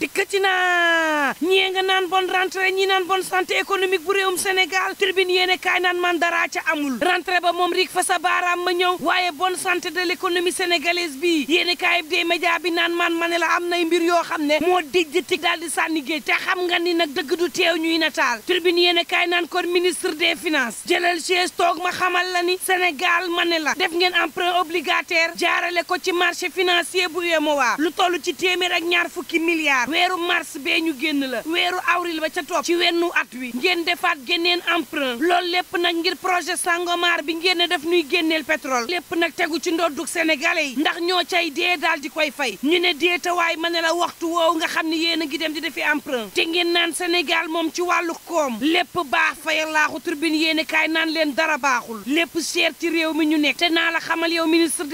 dikkati naa ñee nga naan bon rentrée ñi naan bon santé économique bu réewum Sénégal tribune yéene kaay naan man dara ca amul rentrée ba moom rik fa sa baaraam ma ñëw waaye bon santé de léconomie économie sénégalaise bi yéene kaay bi dey média bi naan man mane la am nay mbir yoo xam ne moo dijjati daal di sànni géej te xam nga ni nag dëgg du teew ñuy nataal tribune yéene kaay naan ko ministre des finances jëlal chaise toog ma xamal la ni Sénégal ma ne la def ngeen emprunt obligataire jaarale ko ci marché financier bu UEMOA lu toll ci téeméer ak ñaar fukki milliards weeru mars bee ñu génn la weeru avril ba ca topp ci wennu at wi ngeen defaat génneen emprunt loolu lépp nag ngir projet Sangomar bi ngeen ne daf ñuy génneel pétrole lépp nag tegu ci ndoddug sénégalais yi ndax ñoo cay dee daal di koy fay ñu ne deetawaay ma ne la waxtu woowu nga xam ni yéen a ngi dem di defi emprunt te ngeen naan Sénégal moom ci wàllu koom lépp baax fayal laaxu turbine yéen kaay naan leen dara baaxul lépp seer ci réew mi ñu nekk te naa la xamal yow ministre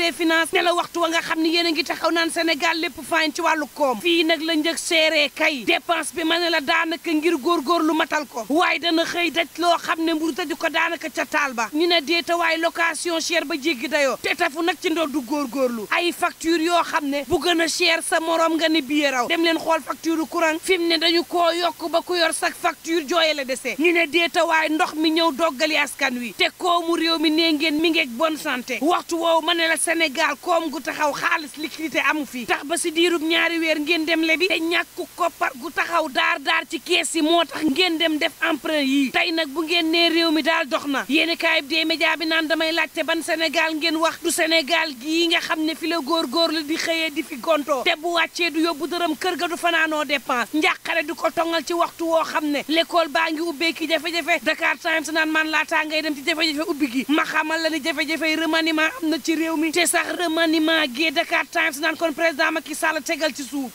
la waxtu wa nga xam a ngi taxaw naan Sénégal lépp faañ ci wàllu koom fii nag la njëg seeree kay dépense bi ma ne la daanaka ngir góor góorgóorlu matal ko waaye dana xëy daj loo xam ne mburu tëju ko daanaka ca taal ba ñu ne déeta waaye location cher ba jéggi dayoo te tafu nag ci góor góorlu ay facture yoo xam ne bu gën a cher sa morom nga ne biye raw dem leen xool facture courant fi mu ne dañu koo yokk ba ku yor sax facture jooye la desee ñu ne déeta ndox mi ñëw doggali askan wi te koomu réew mi nee ngeen mi ngeeg bon sante waxtu woowu ma ne la Sénégal koom gu taxaw xaalis liquidité amu fi tax ba si diirub ñaari weer ngeen dem le bi ko koppar gu taxaw daar daar ci kees yi moo tax ngeen dem def emprunt yi tey nag bu ngeen nee réew mi daal dox na yéeni kaayib dee média bi naan damay laajte ban Sénégal ngeen wax du Sénégal gii nga xam ne fi la góorgóorlu di xëyee di fi gontoo te bu wàccee du yóbbu dërëm kër ga du fanaanoo depans njàqare di ko tongal ci waxtu woo xam ne lekkool baa ngi ubbee ki jafe-jafe Dakar Times naan man laataa ngay dem ci jafe-jafe ubbi gi ma xamal la ni jafe-jafe yi remaniement am na ci réew mi te sax remaniement gee Dakar Times naan kon président Macky Sall tegal ci suuf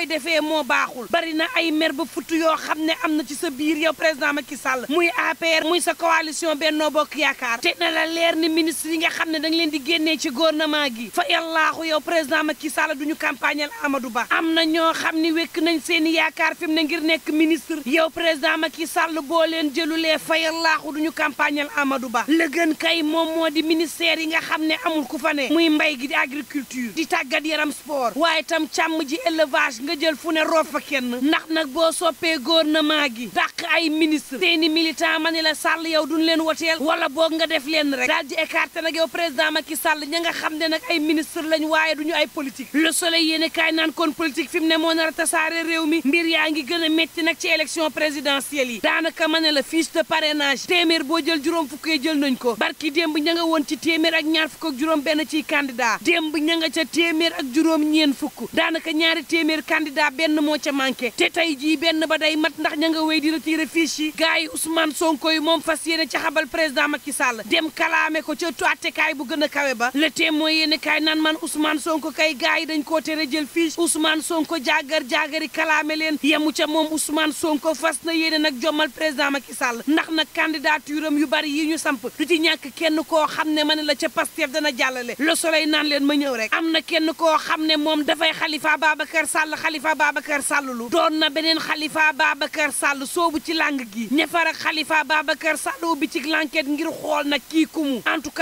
koy defee moo baaxul bari na ay mer ba futt yoo xam ne am na ci sa biir yow président Macky Sall muy APR muy sa coalition Benno Bokk Yaakaar te na la leer ni ministre yi nga xam ne dañ leen di génnee ci gouvernement gi fa yàllaaxu yow président Macky Sall duñu campagnal amadu Ba am na ñoo xam ni wekk nañ seen yaakaar fi ne ngir nekk ministre yow président Macky Sall boo leen jëlulee fa yàllaaxu duñu campagnal amadu Ba la gën kay moom moo di ministère yi nga xam ne amul ku fa muy mbay gi di agriculture di tàggat yaram sport waaye tam càmm ji nga jël fu ne roof fa kenn ndax nag boo soppee gouvernement gi dàq ay ministre seeni militant ma ni la sàll yow duñ leen woteel wala boog nga def leen rek daal di écarté nag yow président Macky Sall ña nga xam ne nag ay ministre lañ waaye duñu ay politique le soleil yéen i kaay naan kon politique fi mu ne moo na a tasaare réew mi mbir yaa ngi gën a métti nag ci élection présidentielle yi daanaka ma ne la fiche de parrainage téeméer boo jël juróom fukkee jël nañ ko barki démb ña nga woon ci téeméer ak ñaar fukk ak juróom benn ciy candidat démb ña nga ca téeméer ak juróom fukk daanaka ñaari téeméer candidat benn moo ca manqué te tey jii benn ba day mat ndax ña nga wéy di retiré fiche yi gars yi Ousmane Sonko yi moom fas yéene ca xabal président Macky Sall dem kalaame ko ca tuattekaay bu gën kawe ba le témoin yéene kaay naan man Ousmane Sonko kay gars yi dañ koo tere jël fiche Ousmane Sonko jàggar jàggari kalaame leen yemu ca moom Ousmane Sonko fas na yéene nag jommal président Macky Sall ndax nag candidature am yu bari yi ñu samp lu ci ñàkk kenn koo xam ne ma ne la ca Pastef dana jàllale Le Soleil naan leen ma ñëw rek am na kenn koo xam ne moom dafay xalifa Babacar Sall lu doon na beneen xalifa Babacar Sall soobu ci làng gi ñafar ak xalifa Babacar Sall ubbi ci l'enquête ngir xool nag kii kumu en tout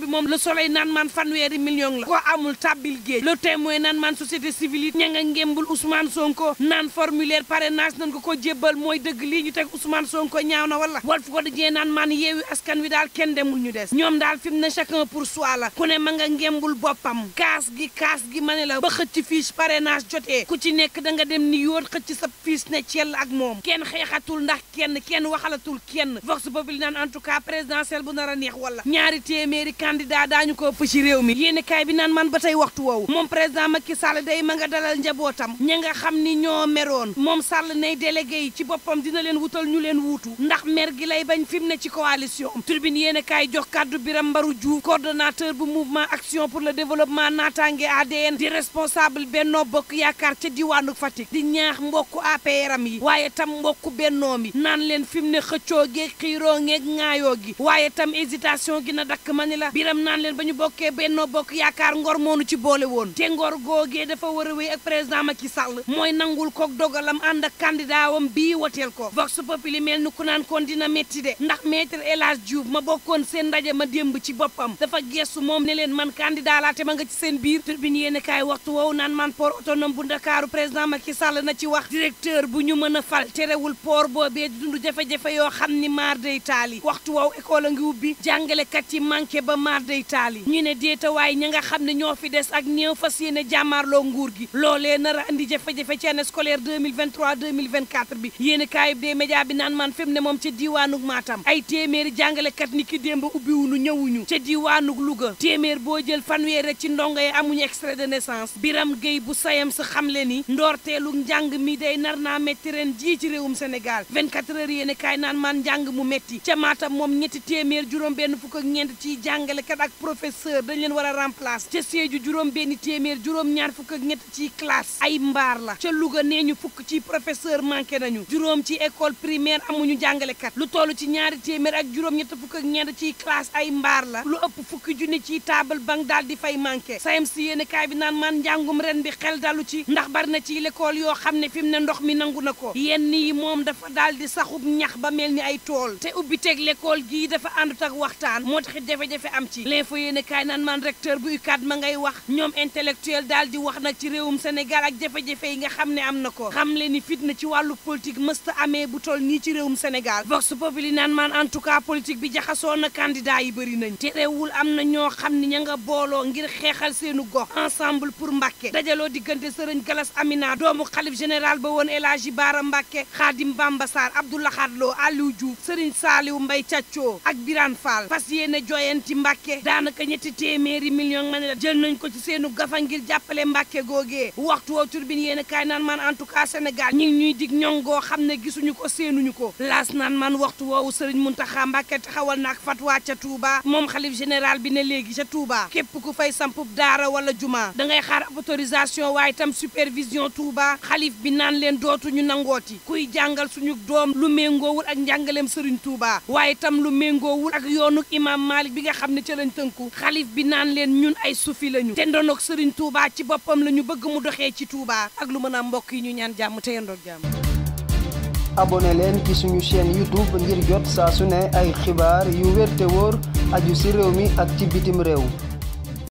bi moom le soleil naan maan fanweeri million la ko amul tàbbil géej le témoin naan maan société civile it ña nga ngémbul Ousmane Sonko naan formulaire parrainage nañ ko ko jébbal mooy dëgg lii ñu teg Ousmane Sonko ñaaw na wala Walf Quotidien naan man yeewi askan wi daal kenn demul ñu des ñoom daal fi mu ne chacun pour soi la ku ne ma nga ngémbul boppam kaas gi kaas gi ma ne la ba xëcc fiche parrainage jotee ku ci nekk da nga dem ni yoon xëcc sa fiis ne ciel ak moom kenn xeexatul ndax kenn kenn waxalatul kenn vox populi naan en tout cas présidentielle bu nar a neex wala ñaari téeméeri candidat daañu ko ëpp réew mi yéeni bi naan man ba tey waxtu woowu moom président Macky Sall day ma nga dalal njabootam ña nga xam ni ñoo meroon moom Sall nay délégué yi ci boppam dina leen wutal ñu leen wuutu ndax mer gi lay bañ fi ne ci coalition tribune yéen kaay jox kàddu Birame Mbaru Diouf coordonnateur bu mouvement action pour le développement naataange ADN di responsable Benno Bokk ca diwaanu Fatick di ñaax mbokk mbokku APRam yi waaye tam mbokku bennoom yi naan leen fi mu ne xëccoo geeg xiiroo ngeeg ŋaayoo gi waaye tam hésitation gi na dakk ma ni la biram naan leen ba ñu bokkee bennoo bokk yaakaar ngor moonu ci boole woon te ngor googee dafa war a wéy ak président ma Macky sal mooy nangul koog dogalam ànd ak candidat wam bii woteel ko vox populi mel ni ku naan kon dina métti de ndax maître El Hadj ma bokkoon seen ndaje ma démb ci boppam dafa gestu moom ne leen man candidat laa te ma nga ci seen biir tribune yéen kaay Ndakaaru président Macky Sall na ci wax directeur bu ñu mën a fal terewul poor boobee di dund jafe-jafe yoo xam ni maar day taali waxtu woow école a ngi ubbi jàngalekat yi manqué ba maar day taali ñu ne déetawaay ña nga xam ne ñoo fi des ak ñeew fas yéene jàmmaarloo nguur gi loolee nar a indi jafe-jafe ci année scolaire 2023 2024 bi yéeni kaayub dee média bi naan maan fim ne moom ca diiwaanug maatam ay téeméeri jàngalekat ni ki démb ubbiwunu ñëwuñu ca diiwaanug Louga téeméer boo jël fanweer ci ndongo yi amuñu extrait de naissance Biram bu sayam sa xamle ni ndoorteelu njàng mi day nar naa métti ren jii ci réewum Sénégal 24 heures yéene kaay naan maan njàng mu métti ca Matam moom ñetti téeméer juróom benn fukk ak ñeent ciy jàngalekat ak professeur dañ leen war a remplacer ca Sédhiou juróom benn téeméer juróom ñaar fukk ak ñett ciy classe ay mbaar la ca Louga nee ñu fukk ci professeur manqué nañu juróom ci école primaire amuñu jàngalekat lu toll ci ñaari téeméer ak juróom ñett fukk ak ñeent ciy classe ay mbaar la lu ëpp fukki junni ciy taabal bank daal di fay manqué SAEMS si kaay bi naan maan njàngum ren bi xel dalu ci ndax bar na ci l'école yoo xam ne fi mu ne ndox mi nangu na ko yenn yi moom dafa daal di saxub ñax ba mel ni ay tool te ubbi teeg l'école gii dafa àndut ak waxtaan moo tax jafe-jafe am ci l'info yéen kaay naan man recteur bu UCAD ma ngay wax ñoom intellectuel daal di wax nag ci réewum Sénégal ak jafe-jafe yi nga xam ne am na ko xam le ni fitna ci wàllu politique mësta amee bu toll nii ci réewum Sénégal vox populi naan man en tout cas politique bi jaxasoo na candidat yi bëri nañ te réewul am na ñoo xam ne ña nga booloo ngir xeexal seenu gox ensemble pour Mbàkke dajaloo diggante sëriñ Oustaz Amina doomu xalif général ba woon El Hadji Baara Mbàkke Xaadim Bamba Sarr Abdoulahad Lo Aliou Diouf Serigne Saliou Mbaye Thiatcho ak Birane Fall fas yéene joyanti Mbàkke daanaka ñetti téeméeri million ma ne la jël nañ ko ci seenu gafa ngir jàppale Mbàkke googee waxtu woo turbine yéen kaay naan man en tout Sénégal ñi ngi ñuy dig ñongoo xam ne gisuñu ko séenuñu ko laas naan man waxtu woowu mun Mountakha Mbàkke taxawal na ak fatwa ca Touba moom xalif général bi ne léegi Touba képp ku fay sampub daara wala juma da ngay xaar autorisation tam supervision vision Touba xalif bi naan leen dootuñu nangooti kuy jàngal suñu doom lu méngoowul ak njàngaleem Serigne Touba waaye tam lu méngoowul ak yoonu imaam Malick bi nga xam ne ca lañ tënku xalif bi naan leen ñun ay sufi lañu te ndonoog sëriñ Touba ci boppam la ñu bëgg mu doxee ci Touba ak lu mën a mbokk yi ñu ñaan jàmm te yendoog jàmm. abonné leen ci suñu chaîne YouTube ngir jot saa su ne ay xibaar yu wér te wóor aju si réew mi ak ci bitim réew.